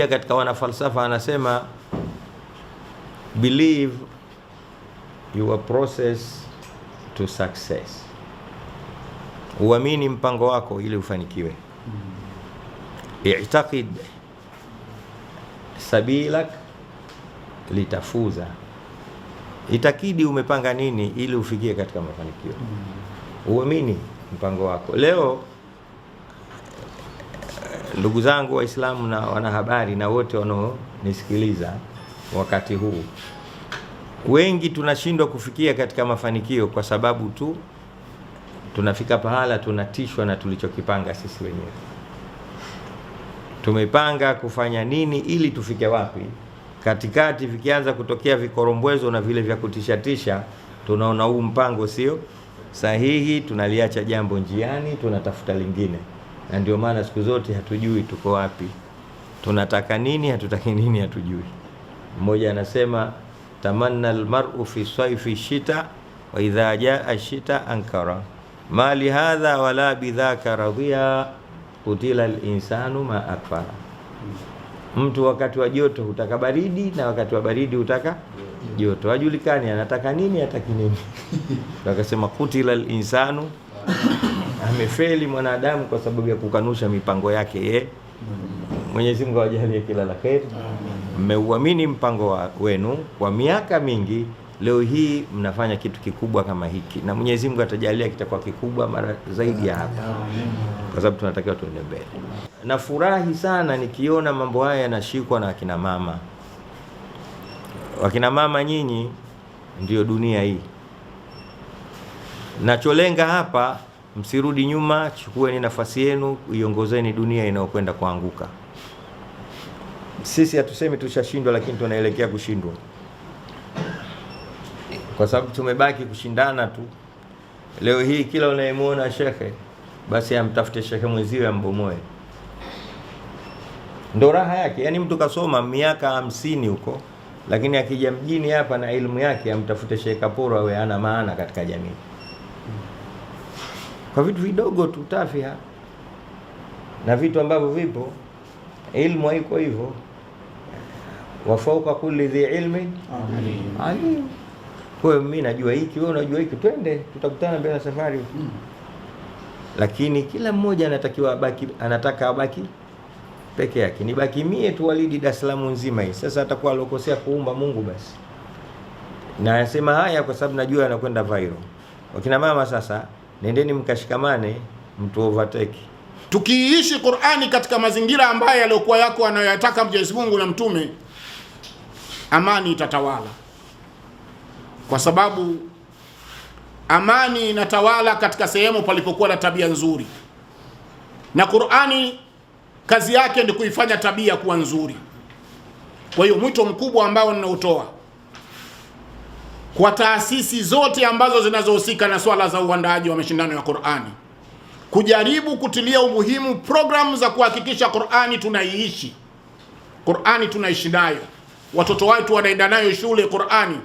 Katika wanafalsafa anasema believe your process to success, uamini mpango wako ili ufanikiwe. I'taqid sabilak litafuza, itakidi umepanga nini ili ufikie katika mafanikio. Hmm. Uamini mpango wako leo Ndugu zangu Waislamu na wanahabari na wote wanaonisikiliza wakati huu, wengi tunashindwa kufikia katika mafanikio kwa sababu tu tunafika pahala tunatishwa na tulichokipanga sisi wenyewe. Tumepanga kufanya nini ili tufike wapi, katikati vikianza kutokea vikorombwezo na vile vya kutishatisha, tunaona huu mpango sio sahihi, tunaliacha jambo njiani, tunatafuta lingine na ndio maana siku zote hatujui tuko wapi, tunataka nini, hatutaki nini, hatujui. Mmoja anasema tamanna almar'u fi saifi shita wa idha jaa shita ankara ma li hadha wala bidhaka radhiya kutila linsanu ma akfara. Mtu wakati wa joto hutaka baridi na wakati wa baridi hutaka joto, hajulikani anataka nini hataki nini. Wakasema kutila linsanu amefeli mwanadamu kwa sababu ya kukanusha mipango yake ye. Mwenyezi Mungu awajalie kila la kheri. Mmeuamini mpango wa wenu kwa miaka mingi, leo hii mnafanya kitu kikubwa kama hiki, na Mwenyezi Mungu atajalia kitakuwa kikubwa mara zaidi ya hapa, kwa sababu tunatakiwa tuende mbele. Nafurahi sana nikiona mambo haya yanashikwa na wakina mama. Wakina mama nyinyi ndio dunia hii, nacholenga hapa msirudi nyuma, chukueni nafasi yenu, iongozeni dunia inayokwenda kuanguka. Sisi hatusemi tushashindwa, lakini tunaelekea kushindwa kwa sababu tumebaki kushindana tu. Leo hii kila unayemwona shekhe, basi amtafute shekhe mwenziwe ambomoe, ndo raha yake. Yaani mtu kasoma miaka hamsini huko, lakini akija mjini hapa na elimu yake, amtafute shekhe kaporo awe ana maana katika jamii kwa vitu vidogo tu tafia na vitu ambavyo vipo. Ilmu haiko hivyo, wafauka fauka kulli dhi ilmi alim. Kwa hiyo mimi najua hiki, wewe unajua hiki, twende tutakutana mbele ya safari. Mm. Lakini kila mmoja anatakiwa abaki, anataka abaki peke yake. Nibaki mie tu walidi Dar es Salaam nzima hii. Sasa atakuwa alokosea kuumba Mungu basi. Na anasema haya kwa sababu najua anakwenda viral. Wakina mama sasa nendeni mkashikamane, mtu overtake. Tukiishi Qur'ani katika mazingira ambayo yaliyokuwa yako anayoyataka Mwenyezi Mungu na mtume, amani itatawala, kwa sababu amani inatawala katika sehemu palipokuwa na tabia nzuri, na Qur'ani kazi yake ni kuifanya tabia kuwa nzuri. Kwa hiyo mwito mkubwa ambao ninautoa kwa taasisi zote ambazo zinazohusika na swala za uandaaji wa mashindano ya Qur'ani kujaribu kutilia umuhimu programu za kuhakikisha Qur'ani tunaiishi, Qur'ani tunaishi nayo, watoto wetu wanaenda nayo shule Qur'ani,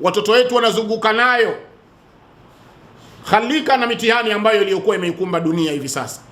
watoto wetu wanazunguka nayo, khalika na mitihani ambayo iliyokuwa imeikumba dunia hivi sasa.